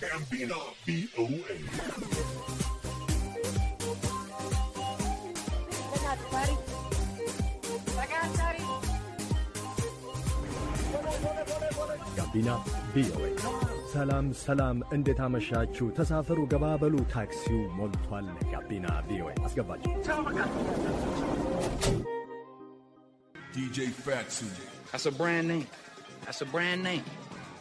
ጋቢና ቪኦኤ ጋቢና ቪኦኤ። ሰላም ሰላም፣ እንዴት አመሻችሁ? ተሳፈሩ፣ ገባበሉ፣ ታክሲው ሞልቷል። ጋቢና ቪኦኤ አስገባችሁ። DJ Fatsu. That's a brand name. That's a brand name.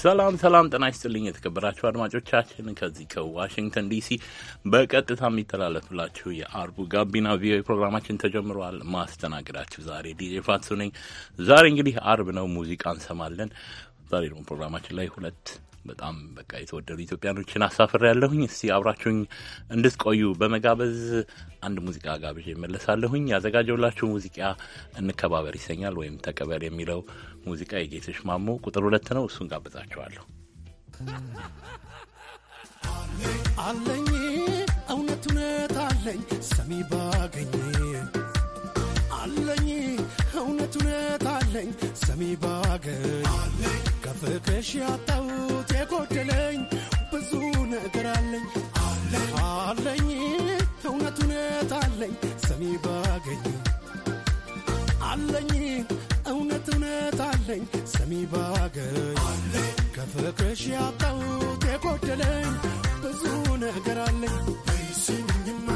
ሰላም ሰላም፣ ጤና ይስጥልኝ የተከበራችሁ አድማጮቻችን ከዚህ ከዋሽንግተን ዲሲ በቀጥታ የሚተላለፍላችሁ የአርቡ ጋቢና ቪኦኤ ፕሮግራማችን ተጀምረዋል። ማስተናግዳችሁ ዛሬ ዲጄ ፋትሱ ነኝ። ዛሬ እንግዲህ አርብ ነው፣ ሙዚቃ እንሰማለን። ዛሬ ደግሞ ፕሮግራማችን ላይ ሁለት በጣም በቃ የተወደዱ ኢትዮጵያኖችን አሳፍሬ ያለሁኝ። እስቲ አብራችሁኝ እንድትቆዩ በመጋበዝ አንድ ሙዚቃ ጋብዤ እመለሳለሁኝ። ያዘጋጀውላችሁ ሙዚቃ እንከባበር ይሰኛል ወይም ተቀበል የሚለው ሙዚቃ የጌትሽ ማሞ ቁጥር ሁለት ነው። እሱን ጋብዛችኋለሁ። አለኝ እውነት እውነት አለኝ ሰሚ ባገኝ አለኝ እውነት እውነት አለኝ ሰሚ ባገኝ ከፍቅሽ ያጣሁት የጎደለኝ ብዙ ነገር አለኝ አለኝ እውነት እውነት አለኝ ሰሚ ባገኝ አለኝ እምነት አለኝ ሰሚ ባገኝ ከፍቅርሽ ያጣሁት የጎደለኝ ብዙ ነገር አለኝ ስሚኝማ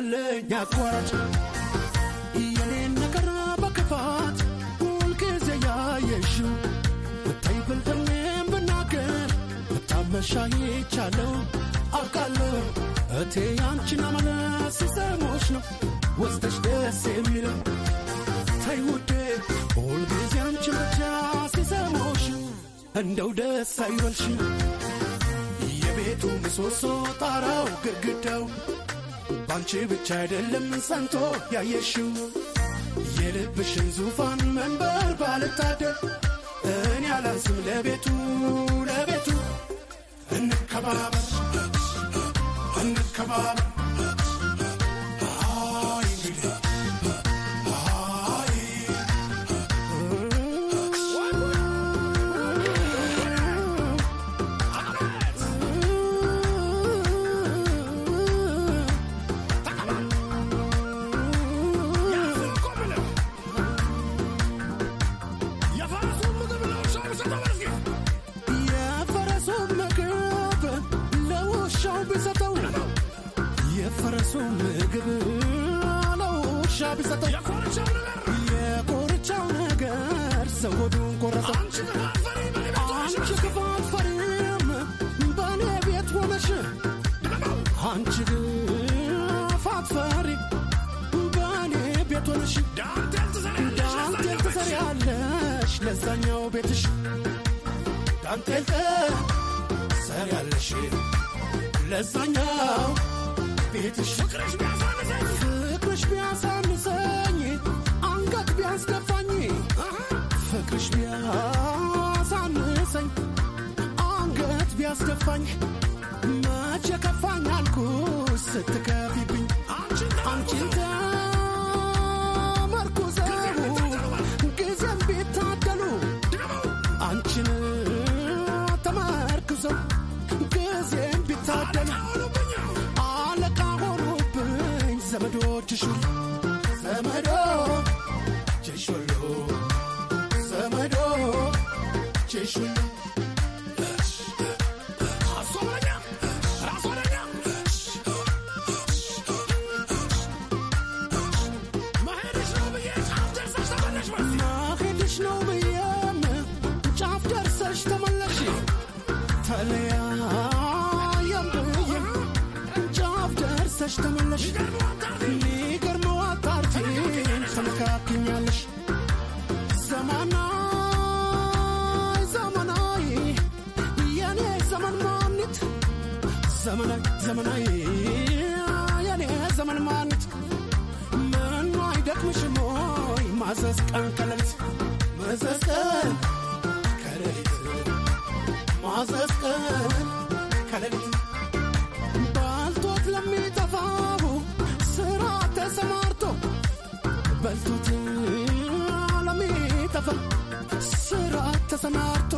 ያለኝ አቋራጭ የኔን ነገር በክፋት ሁልጊዜ ያየሽው ብታይ ብልጥሜን ብናገር ብታመሻይቻለው አውቃለሁ እቴ ያንቺን አመለስ ሲሰሞች ነው ወስደሽ ደስ የሚለው ተይ ውዴ ሁልጊዜ አንቺን ብቻ ሲሰሞች እንደው ደስ አይበልሽ የቤቱ ምሰሶ ጣራው ግድግዳው ባንቺ ብቻ አይደለም ሰንቶ ያየሽው የልብሽን ዙፋን መንበር ባልታደር እኔ አላንስም ለቤቱ ለቤቱ እንከባበር እንከባበር ቆረሰጠው የቆርቻው ነገር ሰው ሆዱን ቆረሰው። አንቺ ክፋት ፈሪም በእኔ ቤት ሆነሽ አንቺ ክፋት ፈሪ በእኔ ቤት ሆነሽ ዳንቴል ትሰሪያለሽ ለዛኛው ቤትሽ ዳንቴል ትሰሪያለሽ ለዛኛው ቤትሽ ፍቅርሽ ቢያሳንሰኝ ያስደፋኝ መቼ ከፋኝ አልኩ ስትከፊብኝ አንቺን ማዘዝ ቀን ከሌሊት ማዘዝ ተሰማርቶ በልቶት ስራ ተሰማርቶ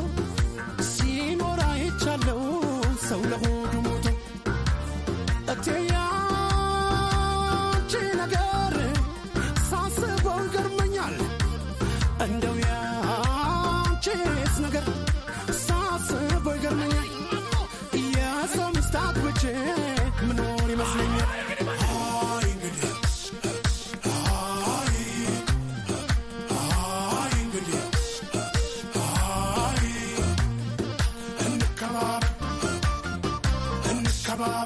Come on,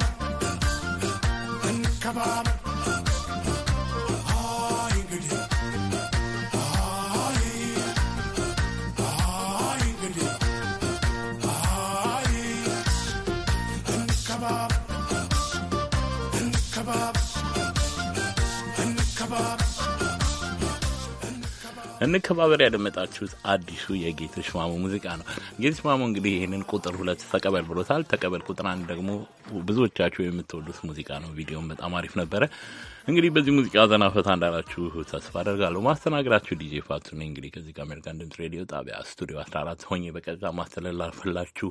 come on. እንከባበር ያደመጣችሁት አዲሱ የጌትሽ ማሞ ሙዚቃ ነው። ጌትሽ ማሞ እንግዲህ ይህንን ቁጥር ሁለት ተቀበል ብሎታል። ተቀበል ቁጥር አንድ ደግሞ ብዙዎቻችሁ የምትወዱት ሙዚቃ ነው። ቪዲዮም በጣም አሪፍ ነበረ። እንግዲህ በዚህ ሙዚቃ ዘና ፈታ እንዳላችሁ ተስፋ አደርጋለሁ። ማስተናገዳችሁ ዲጄ ፋቱ ነኝ። እንግዲህ ከዚህ ከአሜሪካን ድምፅ ሬዲዮ ጣቢያ ስቱዲዮ 14 ሆኜ በቀጥታ ማስተላለፍላችሁ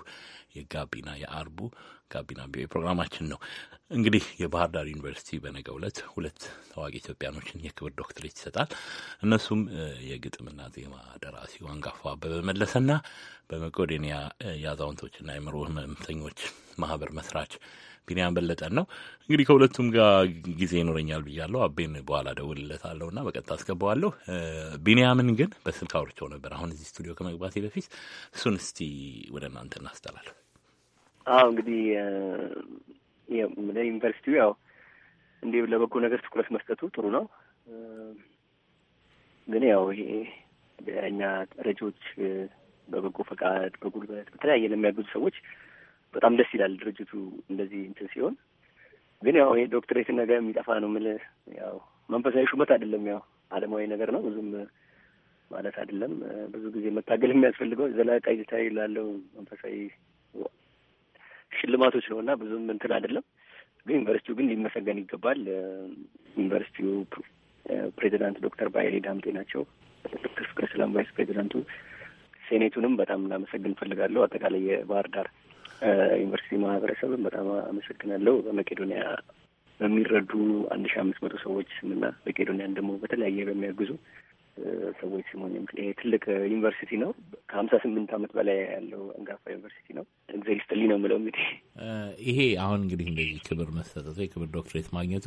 የጋቢና የአርቡ ጋቢና ቢ ፕሮግራማችን ነው። እንግዲህ የባህር ዳር ዩኒቨርሲቲ በነገ ዕለት ሁለት ታዋቂ ኢትዮጵያኖችን የክብር ዶክትሬት ይሰጣል። እነሱም የግጥምና ዜማ ደራሲው አንጋፋ አበበ መለሰና በመቄዶንያ የአዛውንቶችና የአእምሮ ሕመምተኞች ማህበር መስራች ቢንያም በለጠን ነው። እንግዲህ ከሁለቱም ጋር ጊዜ ይኖረኛል ብያለሁ። አቤን በኋላ እደውልለታለሁ እና በቀጥታ አስገባዋለሁ። ቢንያምን ግን በስልክ አውርቼው ነበር አሁን እዚህ ስቱዲዮ ከመግባቴ በፊት። እሱን እስቲ ወደ እናንተ እናስጠላለሁ። አዎ እንግዲህ ለዩኒቨርሲቲው ያው እንዲህ ለበጎ ነገር ትኩረት መስጠቱ ጥሩ ነው። ግን ያው ይሄ እኛ ረጂዎች በበጎ ፈቃድ በጉልበት በተለያየ ለሚያግዙ ሰዎች በጣም ደስ ይላል ድርጅቱ እንደዚህ እንትን ሲሆን፣ ግን ያው ይሄ ዶክትሬት ነገር የሚጠፋ ነው የምልህ። ያው መንፈሳዊ ሹመት አይደለም፣ ያው አለማዊ ነገር ነው። ብዙም ማለት አይደለም። ብዙ ጊዜ መታገል የሚያስፈልገው ዘላቂ ላለው መንፈሳዊ ሽልማቶች ነው እና ብዙም እንትን አይደለም። ግን ዩኒቨርሲቲው ግን ሊመሰገን ይገባል። ዩኒቨርሲቲው ፕሬዚዳንት ዶክተር ባይሬ ዳምጤ ናቸው። ዶክተር ፍቅረ ሰላም ቫይስ ፕሬዚዳንቱ፣ ሴኔቱንም በጣም እናመሰግን ፈልጋለሁ አጠቃላይ የባህር ዳር ዩኒቨርሲቲ ማህበረሰብን በጣም አመሰግናለሁ። በመቄዶኒያ በሚረዱ አንድ ሺ አምስት መቶ ሰዎች ስምና መቄዶኒያን ደግሞ በተለያየ በሚያግዙ ሰዎች ሲሞን ይሄ ትልቅ ዩኒቨርሲቲ ነው። ከሀምሳ ስምንት ዓመት በላይ ያለው አንጋፋ ዩኒቨርሲቲ ነው። እግዚአብሔር ይስጥልኝ ነው የምለው። እንግዲህ ይሄ አሁን እንግዲህ እንደዚህ ክብር መሰጠቱ የክብር ዶክትሬት ማግኘቱ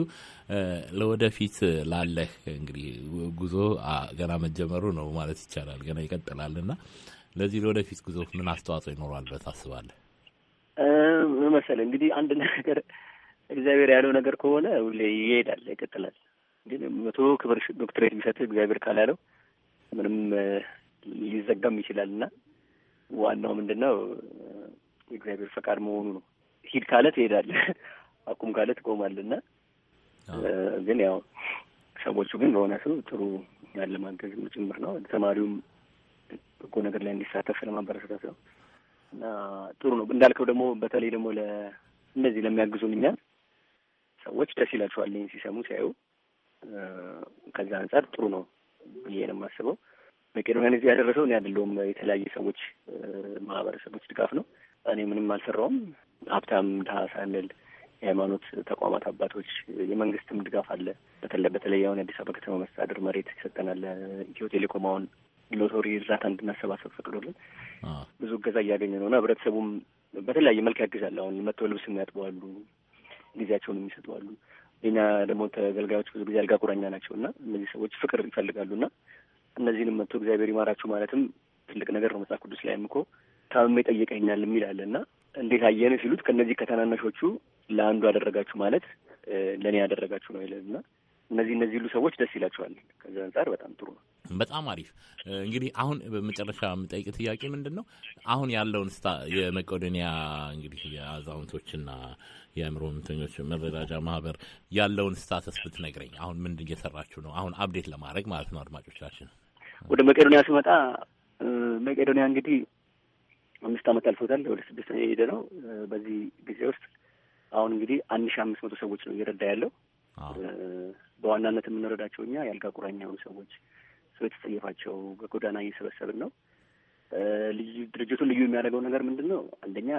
ለወደፊት ላለህ እንግዲህ ጉዞ ገና መጀመሩ ነው ማለት ይቻላል። ገና ይቀጥላል እና ለዚህ ለወደፊት ጉዞ ምን አስተዋጽኦ ይኖረዋል ብለህ ታስባለህ? መሰለህ እንግዲህ አንድ ነገር እግዚአብሔር ያለው ነገር ከሆነ ሁሌ ይሄዳል፣ ይቀጥላል። መቶ ክብር ዶክትሬት ቢሰጥህ እግዚአብሔር ካላለው ምንም ሊዘጋም ይችላል እና ዋናው ምንድን ነው የእግዚአብሔር ፈቃድ መሆኑ ነው። ሂድ ካለ ትሄዳለህ፣ አቁም ካለ ትቆማለህ እና ግን ያው ሰዎቹ ግን ለሆነ ሰው ጥሩ ማገዝ ጭምር ነው። ተማሪውም በጎ ነገር ላይ እንዲሳተፍ ለማበረሰታት ነው እና ጥሩ ነው እንዳልከው ደግሞ በተለይ ደግሞ እነዚህ ለሚያግዙን እኛ ሰዎች ደስ ይላቸዋል ይህን ሲሰሙ ሲያዩ ከዛ አንጻር ጥሩ ነው ብዬ ነው የማስበው። መቄዶንያን እዚህ ያደረሰው እኔ አይደለሁም፣ የተለያየ ሰዎች ማህበረሰቦች ድጋፍ ነው። እኔ ምንም አልሰራውም። ሀብታም ድሀ ሳንል የሃይማኖት ተቋማት አባቶች፣ የመንግስትም ድጋፍ አለ። በተለይ አሁን የአዲስ አበባ ከተማ መስተዳድር መሬት ይሰጠናል። ኢትዮ ቴሌኮም አሁን ሎተሪ እርዳታ እንድናሰባሰብ ፈቅዶልን ብዙ እገዛ እያገኘ ነው እና ህብረተሰቡም በተለያየ መልክ ያግዛል። አሁን መጥተው ልብስ የሚያጥበዋሉ፣ ጊዜያቸውን የሚሰጠዋሉ። እኛ ደግሞ ተገልጋዮች ብዙ ጊዜ አልጋ ቁራኛ ናቸው እና እነዚህ ሰዎች ፍቅር ይፈልጋሉ እና እነዚህንም መጥቶ እግዚአብሔር ይማራችሁ ማለትም ትልቅ ነገር ነው። መጽሐፍ ቅዱስ ላይም እኮ ታምሜ ጠይቀኛል የሚል አለ እና እንዴት አየን ሲሉት ከእነዚህ ከታናናሾቹ ለአንዱ አደረጋችሁ ማለት ለእኔ ያደረጋችሁ ነው ይለና እነዚህ እነዚህ ሁሉ ሰዎች ደስ ይላቸዋል። ከዚህ አንጻር በጣም ጥሩ ነው። በጣም አሪፍ። እንግዲህ አሁን በመጨረሻ የምጠይቅ ጥያቄ ምንድን ነው አሁን ያለውን ስታ የመቄዶንያ እንግዲህ የአዛውንቶችና የአእምሮ ህመምተኞች መረዳጃ ማህበር ያለውን ስታተስ ብትነግረኝ። አሁን ምንድን እየሰራችሁ ነው? አሁን አፕዴት ለማድረግ ማለት ነው አድማጮቻችን። ወደ መቄዶንያ ስመጣ መቄዶንያ እንግዲህ አምስት ዓመት አልፎታል። ወደ ስድስተኛ የሄደ ነው። በዚህ ጊዜ ውስጥ አሁን እንግዲህ አንድ ሺህ አምስት መቶ ሰዎች ነው እየረዳ ያለው በዋናነት የምንረዳቸው እኛ የአልጋ ቁራኛ የሆኑ ሰዎች ሰው የተጸየፋቸው በጎዳና እየሰበሰብን ነው። ልዩ ድርጅቱ ልዩ የሚያደርገው ነገር ምንድን ነው? አንደኛ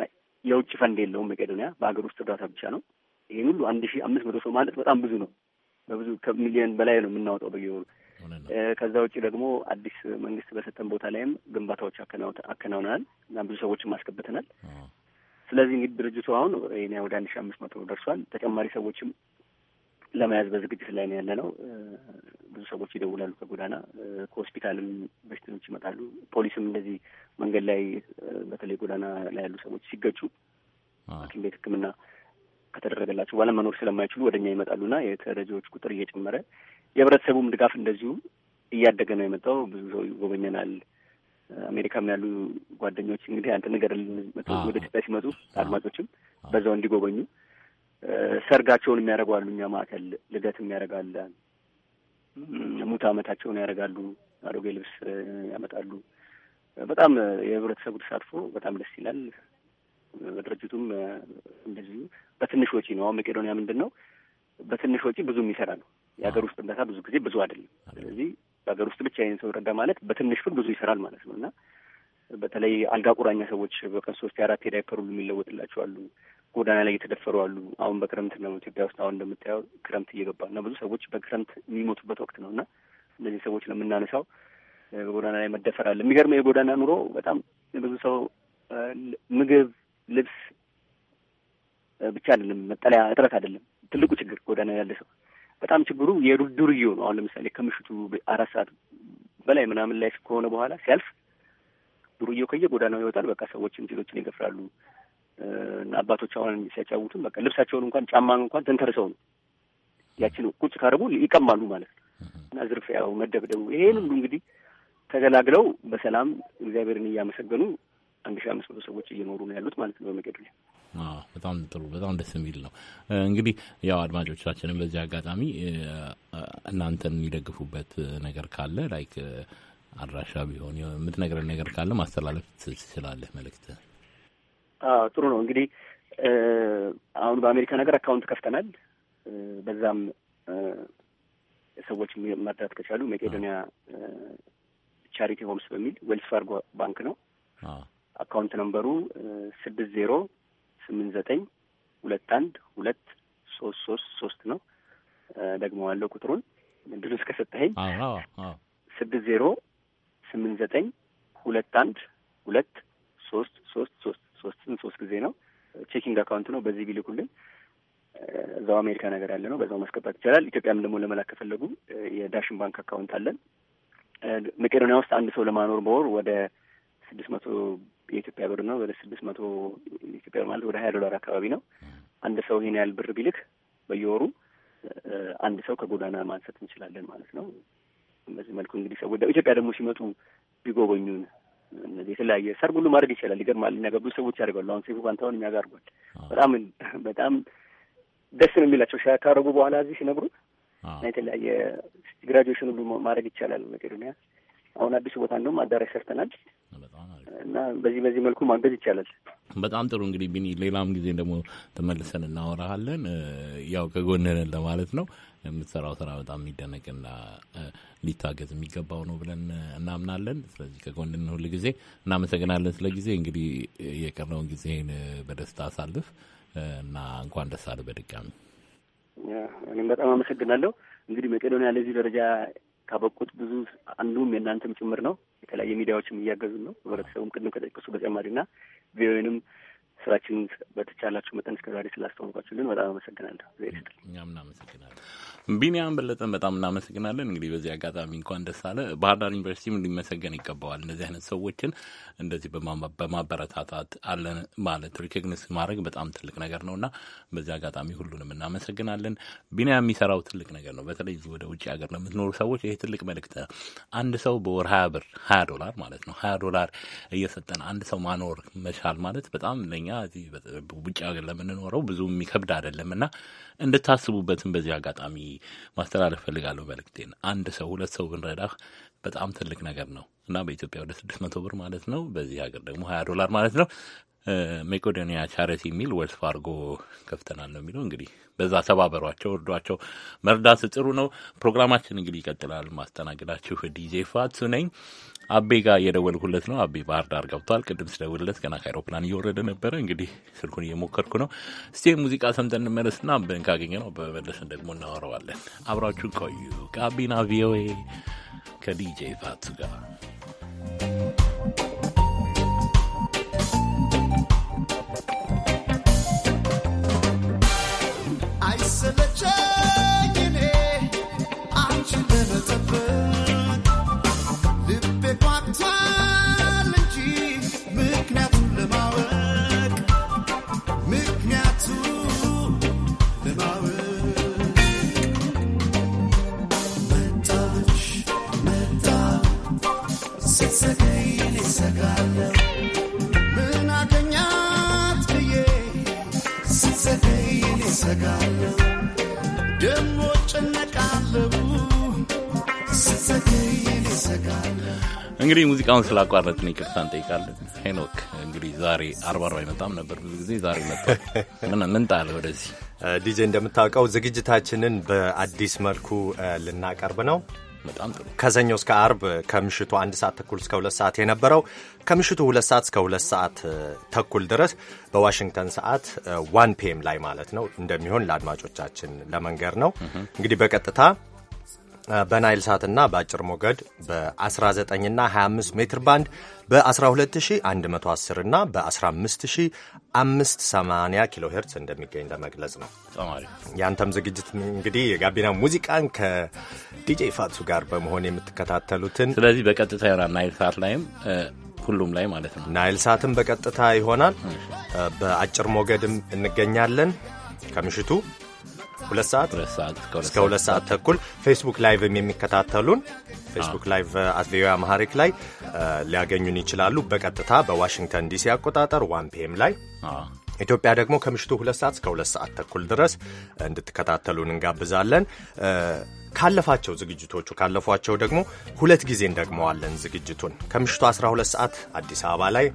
የውጭ ፈንድ የለውም መቄዶንያ በሀገር ውስጥ እርዳታ ብቻ ነው። ይህን ሁሉ አንድ ሺህ አምስት መቶ ሰው ማለት በጣም ብዙ ነው። በብዙ ከሚሊዮን በላይ ነው የምናወጣው በየወሩ። ከዛ ውጭ ደግሞ አዲስ መንግስት በሰጠን ቦታ ላይም ግንባታዎች አከናውነናል እና ብዙ ሰዎችም አስገብተናል። ስለዚህ እንግዲህ ድርጅቱ አሁን ወደ አንድ ሺህ አምስት መቶ ደርሷል። ተጨማሪ ሰዎችም ለመያዝ በዝግጅት ላይ ነው ያለ ነው። ብዙ ሰዎች ይደውላሉ ከጎዳና ከሆስፒታልም በሽተኞች ይመጣሉ። ፖሊስም እንደዚህ መንገድ ላይ በተለይ ጎዳና ላይ ያሉ ሰዎች ሲገጩ ሐኪም ቤት ሕክምና ከተደረገላቸው በኋላ መኖር ስለማይችሉ ወደኛ ይመጣሉና የተረጂዎች ቁጥር እየጨመረ የህብረተሰቡም ድጋፍ እንደዚሁ እያደገ ነው የመጣው። ብዙ ሰው ይጎበኘናል። አሜሪካም ያሉ ጓደኞች እንግዲህ አንተ ነገር ወደ ኢትዮጵያ ሲመጡ አድማጮችም በዛው እንዲጎበኙ ሰርጋቸውን የሚያደርጓሉ እኛ ማዕከል ልደት የሚያደርጋለን ሙት ዓመታቸውን ያደርጋሉ። አሮጌ ልብስ ያመጣሉ። በጣም የህብረተሰቡ ተሳትፎ በጣም ደስ ይላል። በድርጅቱም እንደዚሁ በትንሽ ወጪ ነው። አሁን መቄዶንያ ምንድን ነው በትንሽ ወጪ ብዙ የሚሰራ ነው። የሀገር ውስጥ እርዳታ ብዙ ጊዜ ብዙ አይደለም። ስለዚህ በሀገር ውስጥ ብቻ ይህን ሰው ረዳ ማለት በትንሽ ፍል ብዙ ይሰራል ማለት ነው እና በተለይ አልጋ ቁራኛ ሰዎች በቀን ሶስት አራት ሄዳ ሁሉ የሚለወጥላቸው አሉ። ጎዳና ላይ እየተደፈሩ አሉ። አሁን በክረምት ነው ኢትዮጵያ ውስጥ አሁን እንደምታየው ክረምት እየገባ እና ብዙ ሰዎች በክረምት የሚሞቱበት ወቅት ነው እና እነዚህ ሰዎች ነው የምናነሳው። በጎዳና ላይ መደፈር አለ። የሚገርመው የጎዳና ኑሮ በጣም ብዙ ሰው ምግብ፣ ልብስ ብቻ አይደለም መጠለያ እጥረት አይደለም ትልቁ ችግር ጎዳና ያለ ሰው በጣም ችግሩ የዱርዬው ነው። አሁን ለምሳሌ ከምሽቱ አራት ሰዓት በላይ ምናምን ላይ ከሆነ በኋላ ሲያልፍ ዱርዬው ከየጎዳናው ይወጣል። በቃ ሰዎችም ሴቶችን ይገፍራሉ። አባቶች አሁን ሲያጫውቱም በቃ ልብሳቸውን እንኳን ጫማን እንኳን ተንተርሰው ነው ያችን ቁጭ ካረቡ ይቀማሉ ማለት ነው። እና ዝርፊያው፣ መደብደቡ ይሄን ሁሉ እንግዲህ ተገላግለው በሰላም እግዚአብሔርን እያመሰገኑ አንድ ሺ አምስት መቶ ሰዎች እየኖሩ ነው ያሉት ማለት ነው በመቄዶንያ። በጣም ጥሩ፣ በጣም ደስ የሚል ነው። እንግዲህ ያው አድማጮቻችንም በዚህ አጋጣሚ እናንተን የሚደግፉበት ነገር ካለ ላይክ አድራሻ ቢሆን የምትነግረን ነገር ካለ ማስተላለፍ ትችላለህ መልእክት ጥሩ ነው እንግዲህ አሁን በአሜሪካ ነገር አካውንት ከፍተናል። በዛም ሰዎች መርዳት ከቻሉ መቄዶኒያ ቻሪቲ ሆምስ በሚል ዌልስ ፋርጎ ባንክ ነው። አካውንት ነምበሩ ስድስት ዜሮ ስምንት ዘጠኝ ሁለት አንድ ሁለት ሶስት ሶስት ሶስት ነው። ደግሞ ያለው ቁጥሩን ድሉ እስከሰጠኸኝ ስድስት ዜሮ ስምንት ዘጠኝ ሁለት አንድ ሁለት ሶስት ሶስት ሶስት ሶስትን ሶስት ጊዜ ነው። ቼኪንግ አካውንት ነው። በዚህ ቢልኩልን እዛው አሜሪካ ነገር ያለ ነው። በዛው ማስገባት ይቻላል። ኢትዮጵያም ደግሞ ለመላክ ከፈለጉ የዳሽን ባንክ አካውንት አለን። መቄዶኒያ ውስጥ አንድ ሰው ለማኖር በወር ወደ ስድስት መቶ የኢትዮጵያ ብር ነው። ወደ ስድስት መቶ ኢትዮጵያ ብር ማለት ወደ ሀያ ዶላር አካባቢ ነው። አንድ ሰው ይህን ያህል ብር ቢልክ በየወሩ አንድ ሰው ከጎዳና ማንሳት እንችላለን ማለት ነው። በዚህ መልኩ እንግዲህ ሰው ኢትዮጵያ ደግሞ ሲመጡ ቢጎበኙን እነዚህ የተለያየ ሰርግ ሁሉ ማድረግ ይችላል። ይገርማል። እኛ ብዙ ሰዎች ያደርጋሉ። አሁን ሴፉ ባንታሁን የሚያጋርጓል በጣም በጣም ደስ ነው የሚላቸው ካደረጉ በኋላ እዚህ ሲነግሩ እና የተለያየ ግራጁዌሽን ሁሉ ማድረግ ይቻላል። መቄዶኒያ አሁን አዲሱ ቦታ እንደውም አዳራሽ ሰርተናል። እና በዚህ በዚህ መልኩ ማገዝ ይቻላል። በጣም ጥሩ እንግዲህ ቢኒ፣ ሌላም ጊዜ ደግሞ ተመልሰን እናወራሃለን። ያው ከጎንህን ለማለት ነው። የምትሰራው ስራ በጣም የሚደነቅና ሊታገዝ የሚገባው ነው ብለን እናምናለን። ስለዚህ ከጎንን ሁል ጊዜ እናመሰግናለን። ስለ ጊዜ እንግዲህ የቀረውን ጊዜን በደስታ አሳልፍ እና እንኳን ደስ አለ በድጋሚ እኔም በጣም አመሰግናለሁ። እንግዲህ መቄዶንያ ለዚህ ደረጃ ካበቁት ብዙ አንዱም የእናንተም ጭምር ነው። የተለያየ ሚዲያዎችም እያገዙን ነው። ህብረተሰቡም ቅድም ከጠቀሱ በተጨማሪና ቪኦኤንም ስራችን በተቻላችሁ መጠን እስከዛሬ ስላስተዋወቃችሁልን በጣም አመሰግናለሁ። እኛም እናመሰግናለን። ቢኒያም በለጠን በጣም እናመሰግናለን። እንግዲህ በዚህ አጋጣሚ እንኳን ደስ አለ። ባህር ዳር ዩኒቨርሲቲም እንዲመሰገን ይገባዋል። እንደዚህ አይነት ሰዎችን እንደዚህ በማበረታታት አለን ማለት ሪኮግኒስ ማድረግ በጣም ትልቅ ነገር ነው እና በዚህ አጋጣሚ ሁሉንም እናመሰግናለን። ቢኒያም የሚሰራው ትልቅ ነገር ነው። በተለይ ወደ ውጭ ሀገር ለምትኖሩ ሰዎች ይሄ ትልቅ መልእክት ነው። አንድ ሰው በወር ሀያ ብር ሀያ ዶላር ማለት ነው ሀያ ዶላር እየሰጠን አንድ ሰው ማኖር መቻል ማለት በጣም ለእኛ እዚህ ውጭ ሀገር ለምንኖረው ብዙ የሚከብድ አይደለም እና እንድታስቡበትም በዚህ አጋጣሚ ማስተላለፍ ፈልጋለሁ መልክቴን። አንድ ሰው ሁለት ሰው ብንረዳ በጣም ትልቅ ነገር ነው እና በኢትዮጵያ ወደ ስድስት መቶ ብር ማለት ነው። በዚህ ሀገር ደግሞ ሀያ ዶላር ማለት ነው። ሜቄዶኒያ ቻሪቲ የሚል ዌልስ ፋርጎ ከፍተናል ነው የሚለው። እንግዲህ በዛ ተባበሯቸው፣ እርዷቸው። መርዳት ጥሩ ነው። ፕሮግራማችን እንግዲህ ይቀጥላል። ማስተናግዳችሁ ዲጄ ፋቱ ነኝ። አቤ ጋር እየደወልኩለት ነው። አቤ ባህር ዳር ገብቷል። ቅድም ስደውልለት ገና ከአይሮፕላን እየወረደ ነበረ። እንግዲህ ስልኩን እየሞከርኩ ነው። እስቲ ሙዚቃ ሰምተን እንመለስና ብን ካገኘ ነው በመለስን ደግሞ እናወረዋለን። አብራችሁን ቆዩ። ጋቢና ቪኦኤ ከዲጄ ፋቱ ጋር the church. እንግዲህ ሙዚቃውን ስላቋረጥን ይቅርታ እንጠይቃለን። ሄኖክ እንግዲህ ዛሬ አርባ አርባ አይመጣም ነበር ብዙ ጊዜ ዛሬ መጣ። ምን ጣለ ወደዚህ ዲጄ እንደምታውቀው ዝግጅታችንን በአዲስ መልኩ ልናቀርብ ነው። በጣም ጥሩ። ከሰኞ እስከ አርብ ከምሽቱ አንድ ሰዓት ተኩል እስከ ሁለት ሰዓት የነበረው ከምሽቱ ሁለት ሰዓት እስከ ሁለት ሰዓት ተኩል ድረስ በዋሽንግተን ሰዓት ዋን ፒኤም ላይ ማለት ነው እንደሚሆን ለአድማጮቻችን ለመንገር ነው። እንግዲህ በቀጥታ በናይል ሳትና በአጭር ሞገድ በ 19 እና 25 ሜትር ባንድ በ12110 እና በ15580 ኪሎ ሄርትስ እንደሚገኝ ለመግለጽ ነው። ያንተም ዝግጅት እንግዲህ የጋቢና ሙዚቃን ከዲጄ ፋቱ ጋር በመሆን የምትከታተሉትን ስለዚህ በቀጥታ ይሆናል ናይል ሳት ላይም ሁሉም ላይ ማለት ነው። ናይል ሳትም በቀጥታ ይሆናል። በአጭር ሞገድም እንገኛለን ከምሽቱ ሁለት ሰዓት እስከ ሁለት ሰዓት ተኩል ፌስቡክ ላይቭም የሚከታተሉን ፌስቡክ ላይቭ አትቪዮ አማሐሪክ ላይ ሊያገኙን ይችላሉ። በቀጥታ በዋሽንግተን ዲሲ አቆጣጠር ዋን ፒኤም ላይ ኢትዮጵያ ደግሞ ከምሽቱ ሁለት ሰዓት እስከ ሁለት ሰዓት ተኩል ድረስ እንድትከታተሉን እንጋብዛለን። ካለፋቸው ዝግጅቶቹ ካለፏቸው ደግሞ ሁለት ጊዜ እንደግመዋለን። ዝግጅቱን ከምሽቱ 12 ሰዓት አዲስ አበባ ላይ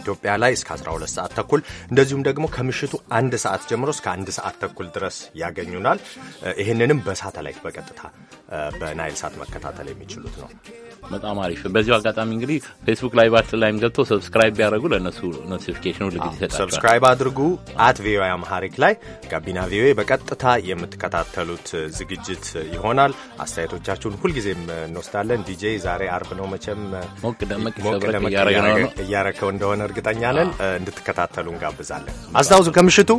ኢትዮጵያ ላይ እስከ 12 ሰዓት ተኩል እንደዚሁም ደግሞ ከምሽቱ አንድ ሰዓት ጀምሮ እስከ አንድ ሰዓት ተኩል ድረስ ያገኙናል። ይህንንም በሳተላይት በቀጥታ በናይል ሳት መከታተል የሚችሉት ነው። በጣም አሪፍ። በዚሁ አጋጣሚ እንግዲህ ፌስቡክ ባት ላይም ገብቶ ሰብስክራይብ ቢያደርጉ ለእነሱ ኖቲፊኬሽኑ ልግል ሰብስክራይብ አድርጉ። አት ቪኦኤ አምሃሪክ ላይ ጋቢና ቪኦኤ በቀጥታ የምትከታተሉት ዝግጅት ይሆናል። አስተያየቶቻችሁን ሁልጊዜም እንወስዳለን። ዲጄ ዛሬ አርብ ነው መቼም ሞቅ ደመቅ እያረከው እንደሆነ እርግጠኛ ነን። እንድትከታተሉ እንጋብዛለን። አስታውሱ ከምሽቱ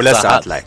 ሁለት ሰዓት ላይ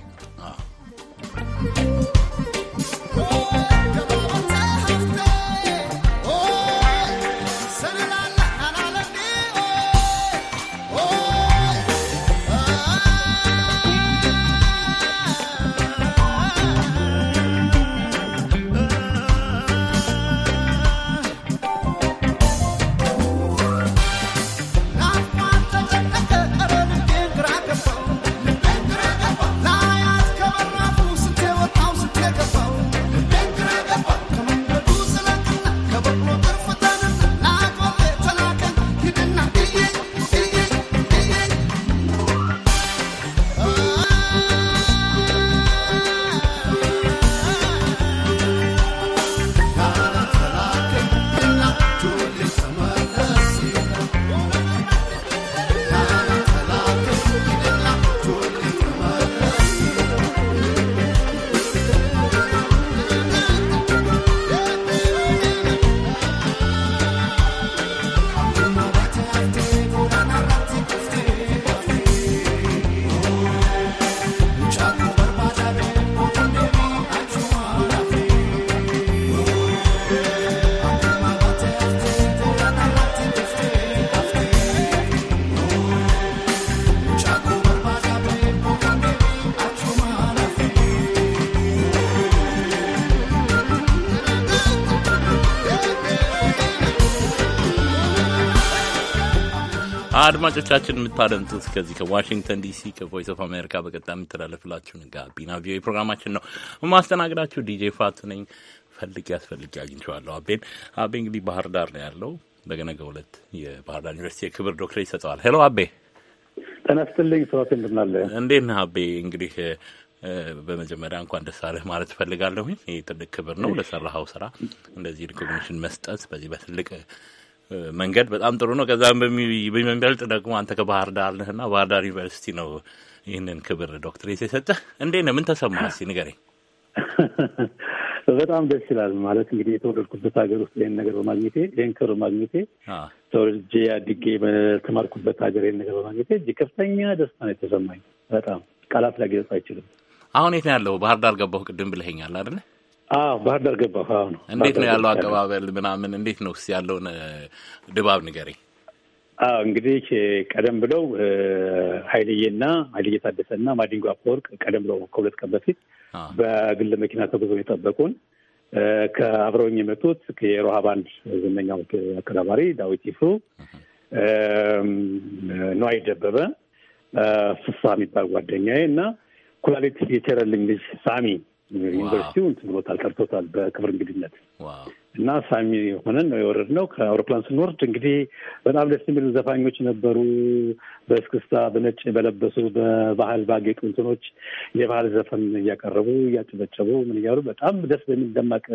አድማጮቻችን የምታደምጡት ከዚህ ከዋሽንግተን ዲሲ ከቮይስ ኦፍ አሜሪካ በቀጥታ የሚተላለፍላችሁን ጋቢና ቪኦኤ ፕሮግራማችን ነው። ማስተናግዳችሁ ዲጄ ፋቱ ነኝ። ፈልጌ አስፈልጌ አግኝቼዋለሁ። አቤን አቤ እንግዲህ ባህር ዳር ነው ያለው። በገነገ ሁለት የባህር ዳር ዩኒቨርሲቲ የክብር ዶክተር ይሰጠዋል። ሄሎ አቤ ተነስትልኝ ሰዋት እንድናለ እንዴት ነህ አቤ? እንግዲህ በመጀመሪያ እንኳን ደስ አለህ ማለት እፈልጋለሁ። ይህ ትልቅ ክብር ነው ለሰራኸው ስራ እንደዚህ ሪኮግኒሽን መስጠት በዚህ በትልቅ መንገድ በጣም ጥሩ ነው። ከዛም በሚበልጥ ደግሞ አንተ ከባህር ዳር ነህና ባህር ዳር ዩኒቨርሲቲ ነው ይህንን ክብር ዶክትሬት የሰጠህ። እንዴት ነው? ምን ተሰማ? እስኪ ንገረኝ። በጣም ደስ ይላል። ማለት እንግዲህ የተወለድኩበት ሀገር ውስጥ ይህን ነገር በማግኘቴ ይህን ክብር በማግኘቴ ተወልጄ አድጌ በተማርኩበት ሀገር ይህን ነገር በማግኘቴ እጅ ከፍተኛ ደስታ ነው የተሰማኝ። በጣም ቃላት ላገለጽ አይችልም። አሁን የት ነው ያለው? ባህር ዳር ገባሁ ቅድም ብለኸኛል አይደለ? አዎ ባህር ዳር ገባ። አሁን እንዴት ነው ያለው አቀባበል ምናምን እንዴት ነው ስ ያለውን ድባብ ንገሪ። አዎ እንግዲህ ቀደም ብለው ሀይልዬና ሀይልዬ ታደሰና ማዲንጎ አፈወርቅ ቀደም ብለው ከሁለት ቀን በፊት በግል መኪና ተጉዞ የጠበቁን ከአብረውኝ የመጡት የሮሃ ባንድ ዝነኛው አቀናባሪ ዳዊት ይፍሩ፣ ነዋይ ደበበ፣ ፍሳ የሚባል ጓደኛዬ እና ኩላሊት የቸረልኝ ልጅ ሳሚ ዩኒቨርሲቲውን ብሎታል ጠርቶታል በክብር እንግድነት እና ሳሚ ሆነን ነው የወረድ ነው። ከአውሮፕላን ስንወርድ እንግዲህ በጣም ደስ የሚሉ ዘፋኞች ነበሩ። በእስክስታ በነጭ በለበሱ በባህል ባጌጡ እንትኖች የባህል ዘፈን እያቀረቡ እያጨበጨቡ ምን እያሉ በጣም ደስ በሚል ደማቅ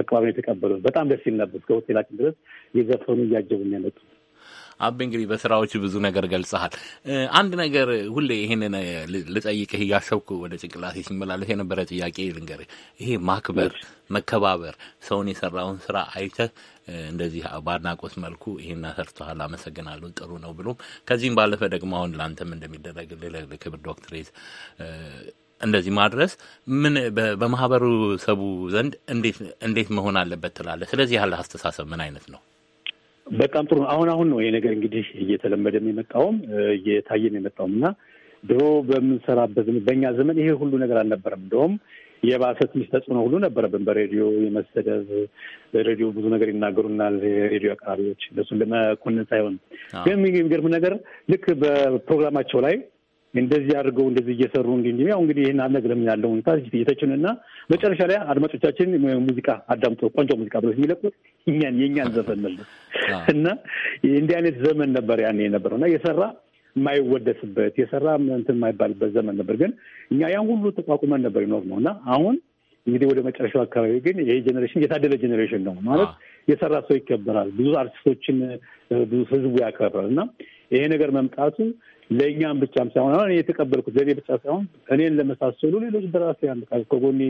አቀባበል የተቀበሉ በጣም ደስ ይል ነበር። እስከ ሆቴላችን ድረስ የዘፈኑ እያጀቡ የሚያመጡ አቤ እንግዲህ በስራዎች ብዙ ነገር ገልጸሃል። አንድ ነገር ሁሌ ይህንን ልጠይቅህ እያሰብኩ ወደ ጭንቅላሴ ሲመላለስ የነበረ ጥያቄ ልንገር። ይሄ ማክበር፣ መከባበር፣ ሰውን የሰራውን ስራ አይተህ እንደዚህ በአድናቆት መልኩ ይህን ሰርተሃል፣ አመሰግናለሁ፣ ጥሩ ነው ብሎም ከዚህም ባለፈ ደግሞ አሁን ለአንተም እንደሚደረግ ለክብር ዶክትሬት እንደዚህ ማድረስ ምን በማህበረሰቡ ዘንድ እንዴት መሆን አለበት ትላለህ? ስለዚህ ያለ አስተሳሰብ ምን አይነት ነው? በጣም ጥሩ ነው። አሁን አሁን ነው ይሄ ነገር እንግዲህ እየተለመደም የመጣውም እየታየም የመጣውም እና ድሮ በምንሰራበት በእኛ ዘመን ይሄ ሁሉ ነገር አልነበረም። እንደውም የባሰ ትንሽ ተጽዕኖ ሁሉ ነበረብን። በሬዲዮ የመሰደብ በሬዲዮ ብዙ ነገር ይናገሩናል የሬዲዮ አቅራቢዎች። እነሱን ለመኮንን ሳይሆን ግን የሚገርም ነገር ልክ በፕሮግራማቸው ላይ እንደዚህ አድርገው እንደዚህ እየሰሩ እንዲ ያው እንግዲህ ይህን አልነግርም ያለው ሁኔታ እየተችን እና መጨረሻ ላይ አድማጮቻችን ሙዚቃ አዳምጦ ቆንጆ ሙዚቃ ብሎ የሚለቁት እኛን የእኛን ዘፈን መለስ እና እንዲህ አይነት ዘመን ነበር ያኔ የነበረው እና የሰራ የማይወደስበት የሰራ እንትን የማይባልበት ዘመን ነበር። ግን እኛ ያን ሁሉ ተቋቁመን ነበር ይኖር ነው እና አሁን እንግዲህ ወደ መጨረሻው አካባቢ ግን ይሄ ጀኔሬሽን የታደለ ጀኔሬሽን ነው ማለት የሰራ ሰው ይከበራል። ብዙ አርቲስቶችን ብዙ ህዝቡ ያከብራል እና ይሄ ነገር መምጣቱ ለእኛም ብቻም ሳይሆን አሁን እኔ የተቀበልኩት ለእኔ ብቻ ሳይሆን እኔን ለመሳሰሉ ሌሎች ደራሲ ከጎኔ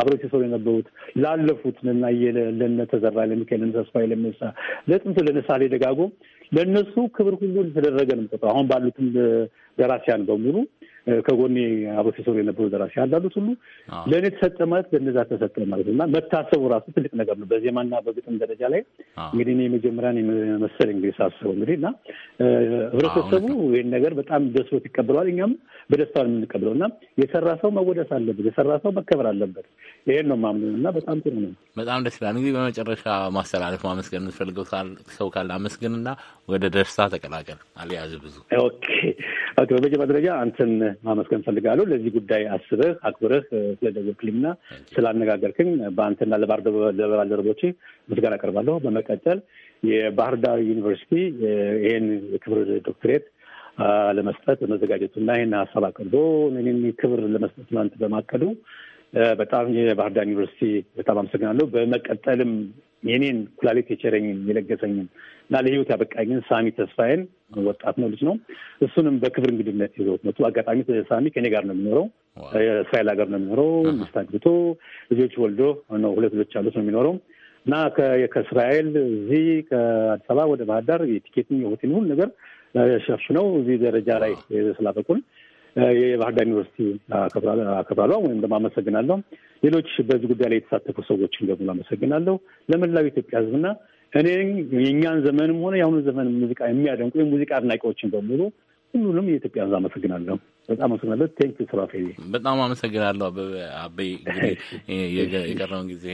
አብረው ሲሰሩ የነበሩት ላለፉት ለናየ ለነ ተዘራ ለሚካኤል ለነ ተስፋዬ ለሚሳ ለጥንቱ ለነሳሌ ደጋጎ ለእነሱ ክብር ሁሉ ተደረገ ነው። አሁን ባሉትም ደራሲያን በሙሉ ከጎኔ አብሮ ሲሰሩ የነበሩ ደራሲ ያላሉት ሁሉ ለእኔ ተሰጠ ማለት ለእነዛ ተሰጠ ማለት እና መታሰቡ ራሱ ትልቅ ነገር ነው። በዜማና በግጥም ደረጃ ላይ እንግዲህ እኔ የመጀመሪያን መሰል እንግዲህ ሳስበው እንግዲህ እና ህብረተሰቡ ይህን ነገር በጣም ደስ ይቀብለዋል። እኛም በደስታ የምንቀብለው እና የሰራ ሰው መወደስ አለበት፣ የሰራ ሰው መከበር አለበት። ይሄን ነው ማምነው እና በጣም ጥሩ ነው። በጣም ደስ ይላል። እንግዲህ በመጨረሻ ማስተላለፍ ማመስገን የምትፈልገው ሰው ካለ አመስግንና ወደ ደስታ ተቀላቀል። አልያዝ ብዙ ኦኬ በመጀመሪያ ደረጃ አንተን ማመስገን ፈልጋለሁ። ለዚህ ጉዳይ አስበህ አክብረህ ስለደወልክልኝና ስላነጋገርክኝ በአንተና ለባልደረቦቼ ምስጋና አቀርባለሁ። በመቀጠል የባህር ዳር ዩኒቨርሲቲ ይህን ክብር ዶክትሬት ለመስጠት መዘጋጀቱ መዘጋጀቱና ይህን ሀሳብ አቅርቦ እኔን ክብር ለመስጠት ትናንት በማቀዱ በጣም የባህር ዳር ዩኒቨርሲቲ በጣም አመሰግናለሁ። በመቀጠልም የኔን ኩላሊት የቸረኝን የለገሰኝን እና ለህይወት ያበቃኝን ሳሚ ተስፋዬን ወጣት ነው ልጅ ነው። እሱንም በክብር እንግድነት ይዘውት መጡ። አጋጣሚ ሳሚ ከኔ ጋር ነው የሚኖረው። እስራኤል ሀገር ነው የሚኖረው። ሚስት አግብቶ ልጆች ወልዶ ነው ሁለት ልጆች አሉት ነው የሚኖረው እና ከእስራኤል እዚህ ከአዲስ አበባ ወደ ባህር ዳር የቲኬትን የሆቴል ሁሉ ነገር ሸፍነው እዚህ ደረጃ ላይ ስላበቁን የባህር ዳር ዩኒቨርሲቲ አከብራለሁ ወይም ደግሞ አመሰግናለሁ። ሌሎች በዚህ ጉዳይ ላይ የተሳተፉ ሰዎችን ደግሞ አመሰግናለሁ። ለመላው ኢትዮጵያ ሕዝብና እኔ የእኛን ዘመንም ሆነ የአሁኑ ዘመን ሙዚቃ የሚያደንቁ የሙዚቃ አድናቂዎችን በሙሉ ሁሉንም የኢትዮጵያ ሕዝብ አመሰግናለሁ። በጣም አመሰግናለሁ። ቴንክ ስራፌ በጣም አመሰግናለሁ። አበበ አበይ የቀረውን ጊዜ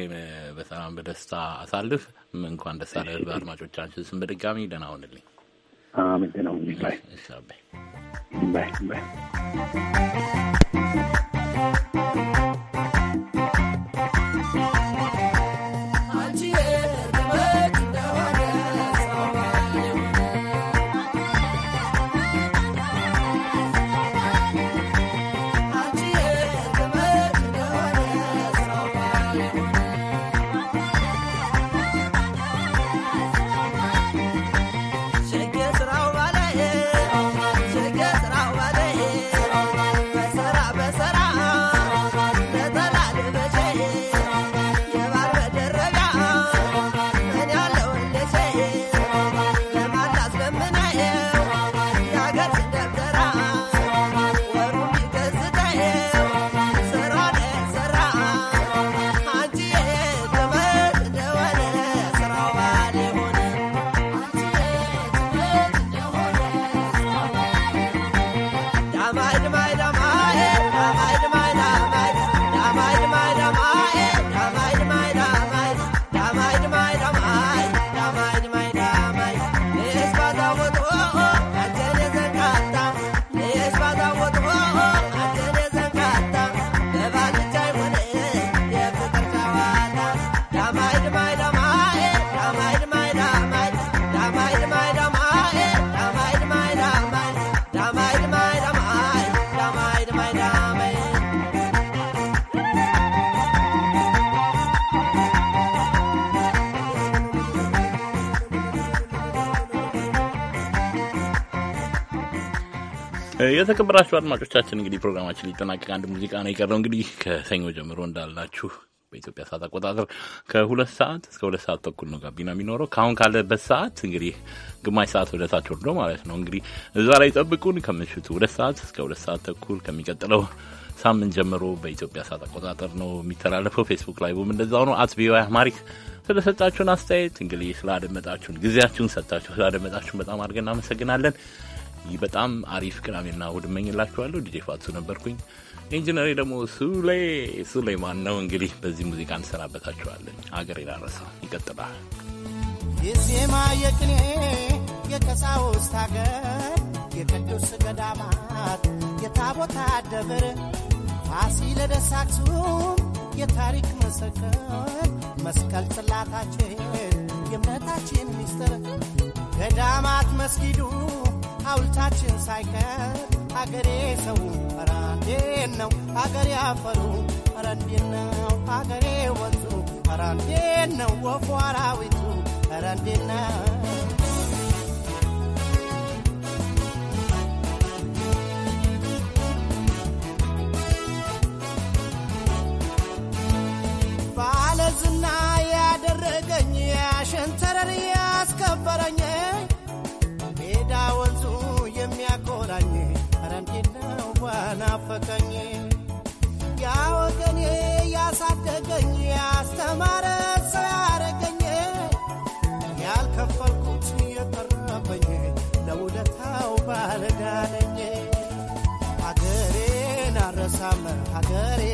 በሰላም በደስታ አሳልፍ። እንኳን ደስ አለህ። በአድማጮቻችን ስም በድጋሚ ደህና ሁንልኝ። አሜን። ደህና ሁንልኝ። Bye. Bye. የተከበራችሁ አድማጮቻችን እንግዲህ ፕሮግራማችን ሊጠናቀቅ አንድ ሙዚቃ ነው የቀረው። እንግዲህ ከሰኞ ጀምሮ እንዳልናችሁ በኢትዮጵያ ሰዓት አቆጣጠር ከሁለት ሰዓት እስከ ሁለት ሰዓት ተኩል ነው ጋቢና የሚኖረው። ከአሁን ካለበት ሰዓት እንግዲህ ግማሽ ሰዓት ወደ ታች ወርዶ ማለት ነው። እንግዲህ እዛ ላይ ጠብቁን። ከምሽቱ ሁለት ሰዓት እስከ ሁለት ሰዓት ተኩል ከሚቀጥለው ሳምንት ጀምሮ በኢትዮጵያ ሰዓት አቆጣጠር ነው የሚተላለፈው። ፌስቡክ ላይ እንደዛ ሆኖ አት ቪ አማሪክ ስለሰጣችሁን አስተያየት እንግዲህ ስላደመጣችሁን፣ ጊዜያችሁን ሰጣችሁ ስላደመጣችሁን በጣም አድርገን እናመሰግናለን። በጣም አሪፍ ቅዳሜና እሁድ እመኝላችኋለሁ። ዲጄ ፋቱ ነበርኩኝ። ኢንጂነሪ ደግሞ ሱሌ ሱሌማን ነው። እንግዲህ በዚህ ሙዚቃ እንሰናበታችኋለን። አገር የላረሳ ይቀጥላል። የዜማ የቅኔ የቀሳውስት አገር የቅዱስ ገዳማት የታቦታ ደብር ፋሲለደስ አክሱም የታሪክ መሰከር መስቀል ጽላታችን የእምነታችን ሚስጥር ገዳማት መስጊዱ ሐውልታችን ሳይቀር አገሬ ሰው አራንዴ ነው አገሬ አፈሩ አራንዴ ነው አገሬ ወንዙ አራንዴ ነው ወፉ አራዊቱ ነው ዝና ያናፈቀኝ ያ ወገኔ ያሳደገኝ ያስተማረ ሰው ያረገኝ ያልከፈልኩት የቀረበኝ ለውለታው ባለዳነኝ ሀገሬን አረሳም ሀገሬ